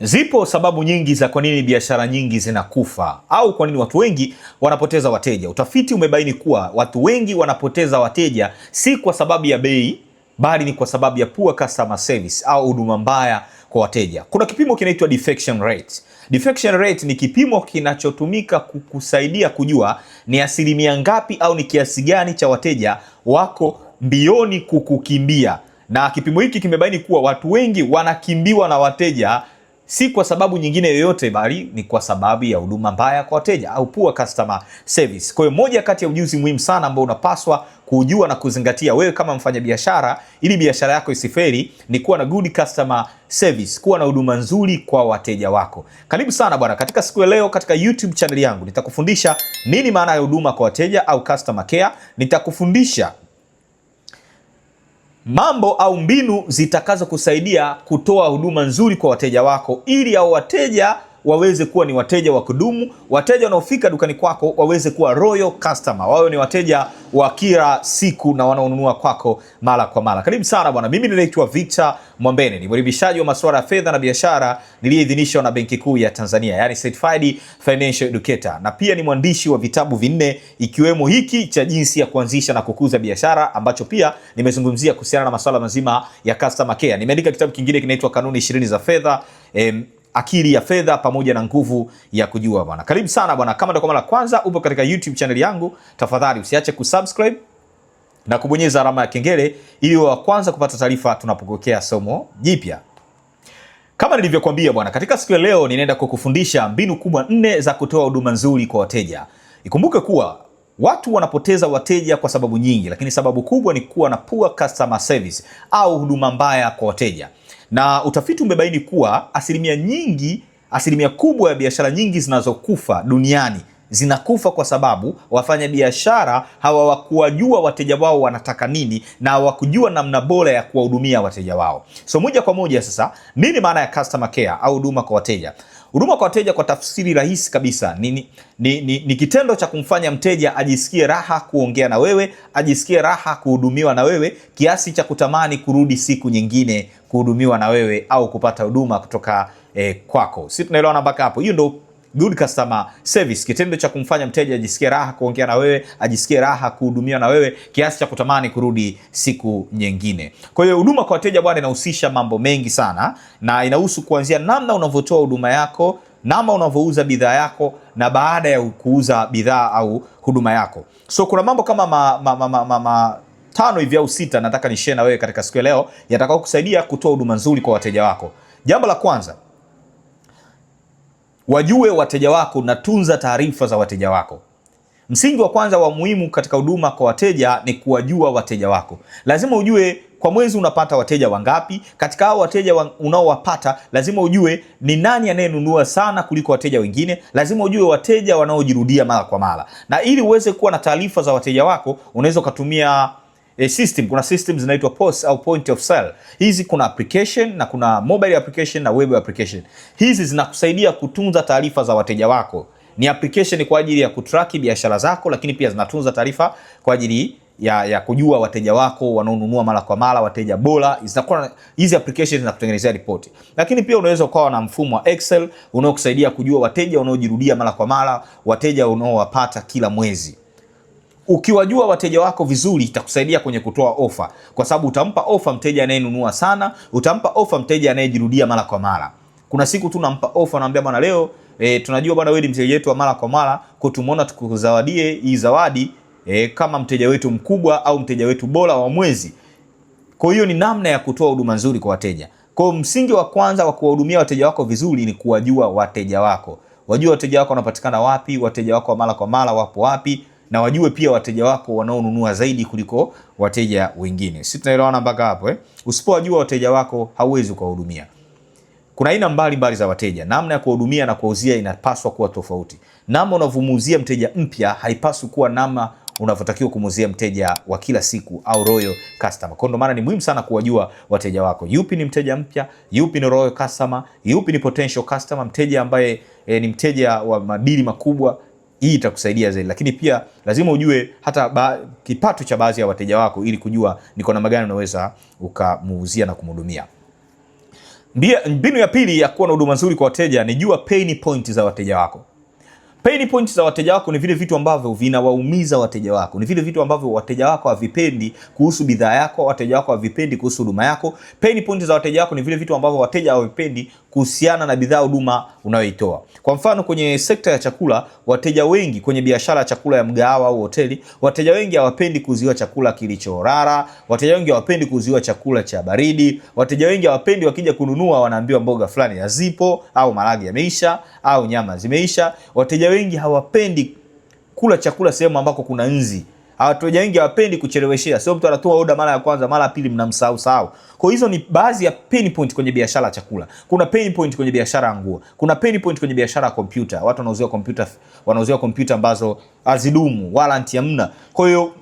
Zipo sababu nyingi za kwa nini biashara nyingi zinakufa au kwa nini watu wengi wanapoteza wateja. Utafiti umebaini kuwa watu wengi wanapoteza wateja si kwa sababu ya bei, bali ni kwa sababu ya poor customer service au huduma mbaya kwa wateja. Kuna kipimo kinaitwa defection rate. Defection rate ni kipimo kinachotumika kukusaidia kujua ni asilimia ngapi au ni kiasi gani cha wateja wako mbioni kukukimbia, na kipimo hiki kimebaini kuwa watu wengi wanakimbiwa na wateja si kwa sababu nyingine yoyote, bali ni kwa sababu ya huduma mbaya kwa wateja au poor customer service. Kwa hiyo moja kati ya ujuzi muhimu sana ambao unapaswa kujua na kuzingatia wewe kama mfanyabiashara, ili biashara yako isifeli, ni kuwa na good customer service, kuwa na huduma nzuri kwa wateja wako. Karibu sana bwana, katika siku ya leo katika YouTube channel yangu nitakufundisha nini maana ya huduma kwa wateja au customer care. Nitakufundisha mambo au mbinu zitakazokusaidia kutoa huduma nzuri kwa wateja wako ili hao wateja waweze kuwa ni wateja wa kudumu, wateja wanaofika dukani kwako waweze kuwa royal customer, wawe ni wateja wa kila siku na wanaonunua kwako mara kwa mara. Karibu sana bwana, mimi ninaitwa Victor Mwambene, ni mwelimishaji wa masuala ya fedha na biashara niliyeidhinishwa na Benki Kuu ya Tanzania, yani certified financial educator, na pia ni mwandishi wa vitabu vinne ikiwemo hiki cha jinsi ya kuanzisha na kukuza biashara ambacho pia nimezungumzia kuhusiana na masuala mazima ya customer care. Nimeandika kitabu kingine kinaitwa Kanuni ishirini za Fedha akili ya fedha pamoja na nguvu ya kujua bwana. Karibu sana bwana, kama ndio kwa mara kwanza upo katika YouTube channel yangu, tafadhali usiache kusubscribe na kubonyeza alama ya kengele ili wa kwanza kupata taarifa tunapokokea somo jipya. Kama nilivyokuambia bwana, katika siku ya leo ninaenda kukufundisha mbinu kubwa nne za kutoa huduma nzuri kwa wateja. Ikumbuke kuwa Watu wanapoteza wateja kwa sababu nyingi, lakini sababu kubwa ni kuwa na poor customer service au huduma mbaya kwa wateja, na utafiti umebaini kuwa asilimia nyingi, asilimia kubwa ya biashara nyingi zinazokufa duniani zinakufa kwa sababu wafanya biashara hawawakuwajua wateja wao wanataka nini na hawakujua namna bora ya kuwahudumia wateja wao. So moja kwa moja sasa, nini maana ya customer care au huduma kwa wateja? Huduma kwa wateja kwa tafsiri rahisi kabisa ni, ni, ni, ni, ni kitendo cha kumfanya mteja ajisikie raha kuongea na wewe, ajisikie raha kuhudumiwa na wewe kiasi cha kutamani kurudi siku nyingine kuhudumiwa na wewe au kupata huduma kutoka eh, kwako. Si tunaelewana mpaka hapo? Hiyo ndio good customer service, kitendo cha kumfanya mteja ajisikie raha kuongea na wewe, ajisikie raha kuhudumiwa na wewe kiasi cha kutamani kurudi siku nyingine. Kwa hiyo huduma kwa wateja bwana, inahusisha mambo mengi sana, na inahusu kuanzia namna unavyotoa huduma yako, namna unavyouza bidhaa yako na baada ya kuuza bidhaa au huduma yako. So kuna mambo kama ma, ma, ma, ma, ma, ma, tano hivi au sita nataka nishare na wewe katika siku ya leo yatakao kusaidia kutoa huduma nzuri kwa wateja wako. Jambo la kwanza wajue wateja wako, natunza taarifa za wateja wako. Msingi wa kwanza wa muhimu katika huduma kwa wateja ni kuwajua wateja wako. Lazima ujue kwa mwezi unapata wateja wangapi. Katika hao wateja unaowapata, lazima ujue ni nani anayenunua sana kuliko wateja wengine. Lazima ujue wateja wanaojirudia mara kwa mara, na ili uweze kuwa na taarifa za wateja wako, unaweza ukatumia e, system. Kuna system zinaitwa POS au point of sale. Hizi kuna application na kuna mobile application na web application. Hizi zinakusaidia kutunza taarifa za wateja wako. Ni application kwa ajili ya kutraki biashara zako, lakini pia zinatunza taarifa kwa ajili ya, ya kujua wateja wako wanaonunua mara kwa mara, wateja bora. Zinakuwa hizi application zinakutengenezea ripoti, lakini pia unaweza ukawa na mfumo wa Excel unaokusaidia kujua wateja wanaojirudia mara kwa mara, wateja unaowapata kila mwezi. Ukiwajua wateja wako vizuri itakusaidia kwenye kutoa ofa, kwa sababu utampa ofa mteja anayenunua sana, utampa ofa mteja anayejirudia mara kwa mara. Kuna siku tu nampa ofa, naambia bwana, leo e, tunajua bwana, wewe ni mteja wetu wa mara kwa mara, kwa tumeona tukuzawadie hii zawadi e, kama mteja wetu mkubwa au mteja wetu bora wa mwezi. Kwa hiyo ni namna ya kutoa huduma nzuri kwa wateja. Kwa msingi wa kwanza wa kuwahudumia wateja wako vizuri ni kuwajua wateja wako, wajua wateja wako wanapatikana wapi, wateja wako wa mara kwa mara wapo wapi na wajue pia wateja wako wanaonunua zaidi kuliko wateja wengine. Sisi tunaelewana mpaka hapo eh? Usipowajua wateja wako hauwezi kuwahudumia. Kuna aina mbalimbali za wateja. Namna ya kuwahudumia na kuwauzia inapaswa kuwa tofauti. Namna unavyomuuzia mteja mpya haipaswi kuwa namna unavyotakiwa kumuuzia mteja wa kila siku au royal customer. Kwa ndo maana ni muhimu sana kuwajua wateja wako, yupi ni mteja mpya, yupi ni royal customer, yupi ni potential customer, mteja ambaye e, ni mteja wa madili makubwa, hii itakusaidia zaidi, lakini pia lazima ujue hata ba, kipato cha baadhi ya wateja wako ili kujua ni kwa namna gani unaweza ukamuuzia na kumhudumia. Mbinu ya pili ya kuwa na huduma nzuri kwa wateja ni jua pain point za wateja wako. Pain point za wateja wako ni vile vitu ambavyo vinawaumiza wateja wako, ni vile vitu ambavyo wateja wako havipendi kuhusu bidhaa yako, wateja wako havipendi kuhusu huduma yako. Pain point za wateja wako ni vile vitu ambavyo wateja hawapendi kuhusiana na bidhaa huduma unayoitoa. Kwa mfano, kwenye sekta ya chakula, wateja wengi kwenye biashara ya chakula ya mgahawa au hoteli, wateja wengi hawapendi kuuziwa chakula kilichorara, wateja wengi hawapendi kuuziwa chakula cha baridi, wateja wengi hawapendi, wakija kununua wanaambiwa mboga fulani hazipo au maharage yameisha au nyama zimeisha. Wateja wengi hawapendi kula chakula sehemu ambako kuna nzi watu wengi hawapendi kucheleweshea, sio mtu anatoa oda mara ya kwanza, mara ya pili mnamsahau sahau. Kwa hizo ni baadhi ya pain point kwenye biashara ya chakula. Kuna pain point kwenye biashara ya nguo, kuna pain point kwenye biashara ya kompyuta. Watu wanauzia kompyuta, wanauzia kompyuta ambazo hazidumu, warranty hamna. Kwa hiyo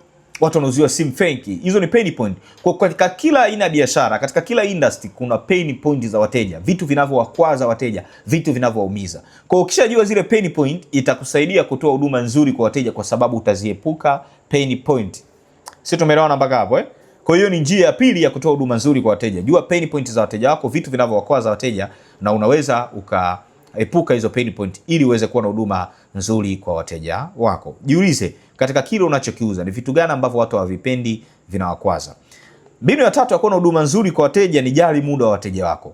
watu wanauziwa sim feki. Hizo ni pain point. Kwa katika kila aina ya biashara, katika kila industry kuna pain point za wateja, vitu vinavyowakwaza wateja, vitu vinavyowaumiza. Kwa hiyo ukishajua zile pain point, itakusaidia kutoa huduma nzuri kwa wateja, kwa sababu utaziepuka pain point. Sisi tumeelewana mpaka hapo eh? Kwa hiyo ni njia ya pili ya kutoa huduma nzuri kwa wateja. Jua pain point za wateja wako, vitu vinavyowakwaza wateja, na unaweza uka epuka hizo pain point ili uweze kuwa na huduma nzuri kwa wateja wako. Jiulize katika kile unachokiuza ni vitu gani ambavyo watu hawavipendi, vinawakwaza. Mbinu ya tatu ya kuwa na huduma nzuri kwa wateja ni jali muda wa wateja wako.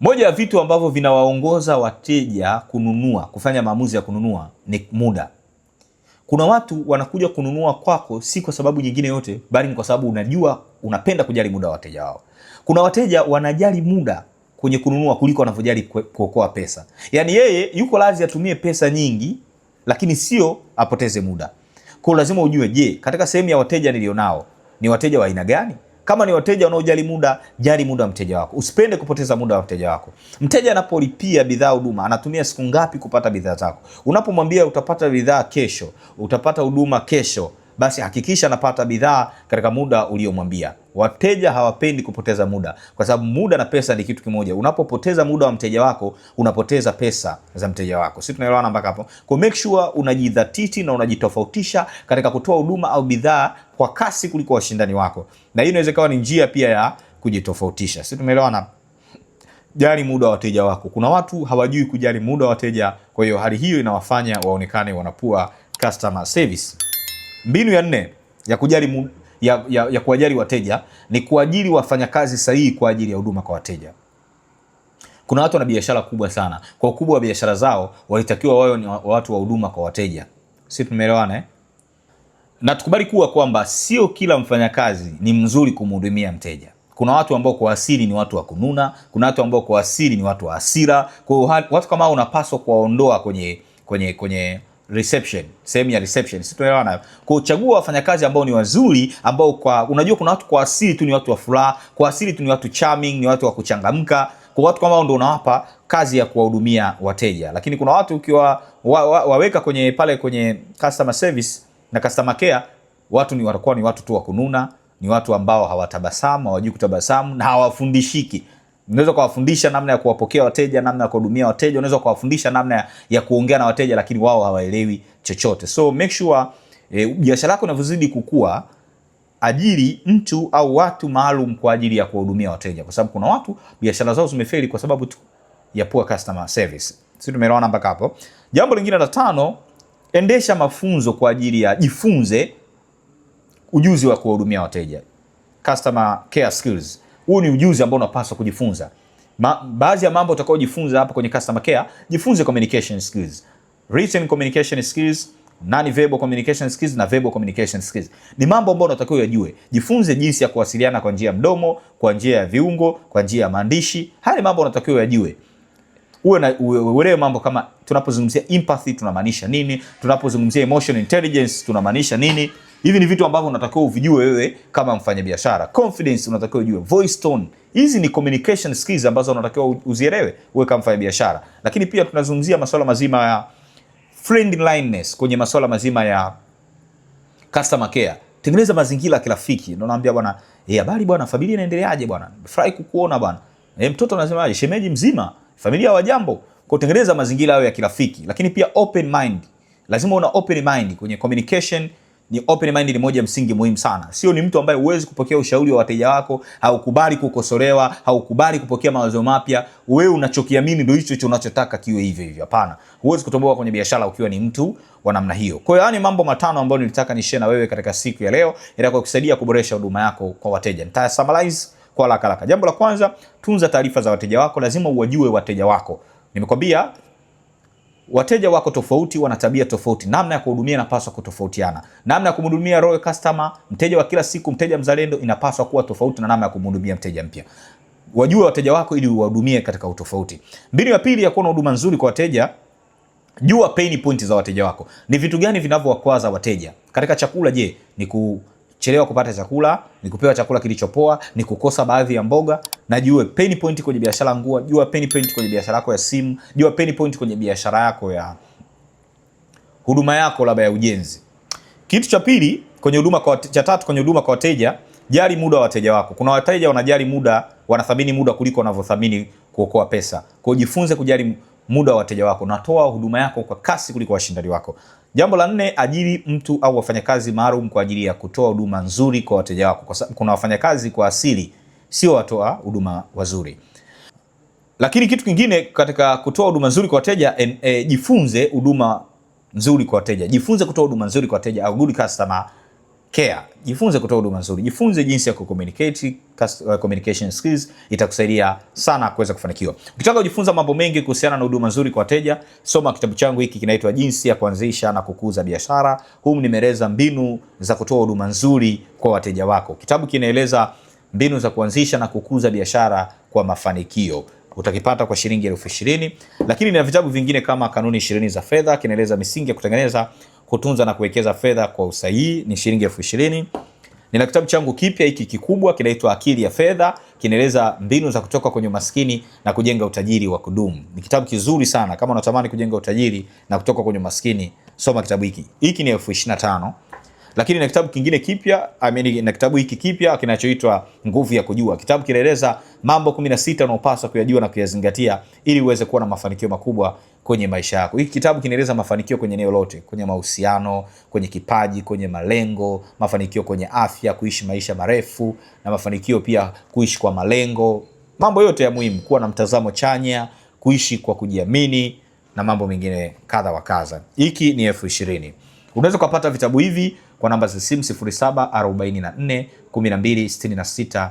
Moja ya vitu ambavyo vinawaongoza wateja kununua, kufanya maamuzi ya kununua ni muda. Kuna watu wanakuja kununua kwako si kwa sababu nyingine yote, bali ni kwa sababu unajua, unapenda kujali muda wa wateja wao. Kuna wateja wanajali muda kwenye kununua kuliko anavyojali kuokoa pesa. Yaani yeye yuko lazi atumie pesa nyingi, lakini sio apoteze muda. Kwa lazima ujue, je, katika sehemu ya wateja nilionao ni wateja wa aina gani? Kama ni wateja wanaojali muda, jali muda wa mteja wako, usipende kupoteza muda wa mteja wako. Mteja anapolipia bidhaa huduma, anatumia siku ngapi kupata bidhaa zako? Unapomwambia utapata bidhaa kesho, utapata huduma kesho, basi hakikisha anapata bidhaa katika muda uliomwambia. Wateja hawapendi kupoteza muda, kwa sababu muda na pesa ni kitu kimoja. Unapopoteza muda wa mteja wako, unapoteza pesa za mteja wako. Si tunaelewana mpaka hapo? Kwa make sure unajidhatiti na unajitofautisha katika kutoa huduma au bidhaa kwa kasi kuliko washindani wako, na hii inaweza ikawa ni njia pia ya kujitofautisha. Si tumeelewana? Jali muda wa wateja wako. Kuna watu hawajui kujali muda wa wateja, kwa hiyo hali hiyo inawafanya waonekane wanapua customer service. Mbinu ya nne ya kujali ya, ya, ya kuwajali wateja ni kuajiri wafanyakazi sahihi kwa ajili ya huduma kwa wateja. Kuna watu wana biashara kubwa sana, kwa ukubwa wa biashara zao walitakiwa wawe ni watu wa huduma kwa wateja. Sisi tumeelewana eh? Na tukubali kuwa kwamba sio kila mfanyakazi ni mzuri kumhudumia mteja. Kuna watu ambao kwa asili ni watu wa kununa, kuna watu ambao kwa asili ni watu wa hasira. Kwa hiyo watu kama hao unapaswa kuwaondoa kwenye kwenye kwenye reception, sehemu ya reception, si Kwa uchagua wafanyakazi ambao ni wazuri, ambao kwa unajua, kuna watu kwa asili tu ni watu wa furaha, kwa asili tu ni watu charming, ni watu wa kuchangamka. Kwa watu kama ndio unawapa kazi ya kuwahudumia wateja, lakini kuna watu ukiwa wa, wa, waweka kwenye pale kwenye customer service na customer care, watu ni watakuwa ni watu tu wa kununa, ni watu ambao hawatabasamu, hawajui kutabasamu na hawafundishiki. Unaweza kuwafundisha namna ya kuwapokea wateja, namna ya kuwahudumia wateja, unaweza kuwafundisha namna ya, ya kuongea na wateja, lakini wao hawaelewi chochote. So make sure e, biashara yako inavyozidi kukua ajiri mtu au watu maalum kwa ajili ya kuwahudumia wateja, kwa sababu kuna watu biashara zao zimefeli kwa sababu tu ya poor customer service. Sisi tumeelewana mpaka hapo. Jambo lingine la tano, endesha mafunzo kwa ajili ya jifunze ujuzi wa kuwahudumia wateja, customer care skills. Huu ni ujuzi ambao unapaswa kujifunza. Baadhi ya mambo utakayojifunza hapa kwenye customer care, jifunze communication skills, written communication skills, non-verbal communication skills na verbal communication skills. Ni mambo ambayo unatakiwa uyajue. Jifunze jinsi ya kuwasiliana kwa njia ya mdomo, kwa njia ya viungo, kwa njia ya maandishi. Haya ni mambo unatakiwa uyajue uwe na uelewe mambo kama tunapozungumzia empathy tunamaanisha nini, tunapozungumzia emotion intelligence tunamaanisha nini. Hivi ni vitu ambavyo unatakiwa uvijue wewe kama mfanyabiashara. Confidence unatakiwa ujue, voice tone, hizi ni communication skills ambazo unatakiwa uzielewe wewe kama mfanyabiashara. Lakini pia tunazungumzia masuala mazima ya friendliness kwenye masuala mazima ya customer care. Tengeneza mazingira ya kirafiki. Ndio naambia bwana, eh, habari bwana, familia inaendeleaje bwana? Furahi kukuona bwana. Eh, mtoto anasemaje? Shemeji mzima? familia wa jambo kutengeneza mazingira yao ya kirafiki, lakini pia open mind. Lazima una open mind kwenye communication. Ni open mind ni moja msingi muhimu sana. Sio ni mtu ambaye huwezi kupokea ushauri wa wateja wako, haukubali kukosolewa, haukubali kupokea mawazo mapya. Wewe unachokiamini ndio hicho hicho unachotaka kiwe hivyo hivyo. Hapana, huwezi kutoboa kwenye biashara ukiwa ni mtu wa namna hiyo. Kwa hiyo, yani mambo matano ambayo nilitaka ni share na wewe katika siku ya leo, ili kukusaidia kuboresha huduma yako kwa wateja. Nitaya summarize kwa haraka haraka. Jambo la kwanza, tunza taarifa za wateja wako. Lazima uwajue wateja wako. Nimekwambia wateja wako tofauti, wana tabia tofauti. Namna ya kuhudumia inapaswa kutofautiana. Namna ya kumhudumia royal customer, mteja wa kila siku, mteja mzalendo, inapaswa kuwa tofauti na namna ya kumhudumia mteja mpya. Wajue wateja wako ili uwahudumie katika utofauti. Mbinu ya pili ya kuwa na huduma nzuri kwa wateja Jua pain point za wateja wako. Ni vitu gani vinavyowakwaza wateja katika chakula? Je, ni ku chelewa kupata chakula, ni kupewa chakula kilichopoa, ni kukosa baadhi ya mboga. Najue pain point kwenye biashara nguo, jua pain point kwenye biashara yako ya simu, jua pain point kwenye biashara yako ya huduma yako labda ya ujenzi. Kitu cha pili kwenye huduma kwa cha tatu kwenye huduma kwa wateja, jali muda wa wateja wako. Kuna wateja wanajali muda, wanathamini muda kuliko wanavyothamini kuokoa pesa. Kwa hiyo jifunze kujali muda wa wateja wako, natoa huduma yako kwa kasi kuliko washindani wako. Jambo la nne, ajiri mtu au wafanyakazi maalum kwa ajili ya kutoa huduma nzuri kwa wateja wako, kwa sababu kuna wafanyakazi kwa asili sio watoa huduma wazuri. Lakini kitu kingine katika kutoa huduma nzuri kwa wateja e, jifunze huduma nzuri kwa wateja, jifunze kutoa huduma nzuri kwa wateja au good customer Care, jifunze kutoa huduma nzuri, jifunze jinsi ya kucommunicate. Uh, communication skills itakusaidia sana kuweza kufanikiwa. Ukitaka kujifunza mambo mengi kuhusiana na huduma nzuri kwa wateja, soma kitabu changu hiki, kinaitwa Jinsi ya Kuanzisha na Kukuza Biashara. Humu nimeeleza mbinu za kutoa huduma nzuri kwa wateja wako. Kitabu kinaeleza mbinu za kuanzisha na kukuza biashara kwa mafanikio utakipata kwa shilingi elfu ishirini, lakini na vitabu vingine kama Kanuni ishirini za Fedha kinaeleza misingi ya kutengeneza kutunza na kuwekeza fedha kwa usahihi ni shilingi elfu ishirini. Nina kitabu changu kipya hiki kikubwa kinaitwa Akili ya Fedha, kinaeleza mbinu za kutoka kwenye umaskini na kujenga utajiri wa kudumu. Ni kitabu kizuri sana, kama unatamani kujenga utajiri na kutoka kwenye umaskini, soma kitabu hiki. Hiki ni elfu ishirini na tano. Lakini na kitabu kingine kipya, na kitabu hiki kipya kinachoitwa Nguvu ya Kujua, kitabu kinaeleza mambo 16 unaopaswa kuyajua na kuyazingatia ili uweze kuwa na mafanikio makubwa kwenye maisha yako. Hiki kitabu kinaeleza mafanikio kwenye eneo lote, kwenye mahusiano, kwenye kipaji, kwenye malengo, mafanikio kwenye afya, kuishi maisha marefu na mafanikio pia kuishi kwa malengo, mambo yote ya muhimu, kuwa na mtazamo chanya, kuishi kwa kujiamini na mambo mengine kadha wa kadha. Hiki ni elfu ishirini. Unaweza ukapata vitabu hivi kwa namba za simu 0744126640.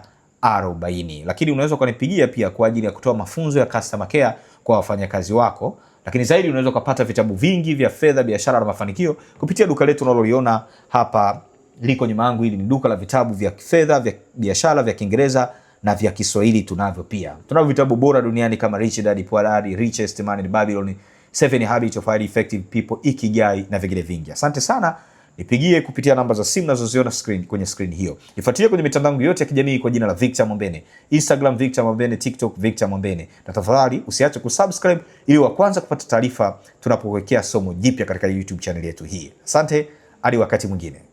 Lakini unaweza ukanipigia pia kwa ajili ya kutoa mafunzo ya customer care kwa wafanyakazi wako, lakini zaidi unaweza ukapata vitabu vingi vya fedha, biashara na mafanikio kupitia duka letu unaloliona hapa liko nyuma yangu. Hili ni duka la vitabu vya fedha, vya biashara, vya Kiingereza na vya Kiswahili tunavyo pia. Tunavyo vitabu bora duniani kama Rich Dad Poor Dad, Richest Man in Babylon, Seven Habits of Highly Effective People, Ikigai na vingine vingi. Asante sana nipigie kupitia namba za simu nazoziona screen, kwenye screen hiyo. Nifuatilie kwenye mitandao yote ya kijamii kwa jina la Victor Mwambene, Instagram Victor Mwambene, TikTok Victor Mwambene, na tafadhali usiache kusubscribe ili wa kwanza kupata taarifa tunapowekea somo jipya katika YouTube channel yetu hii. Asante, hadi wakati mwingine.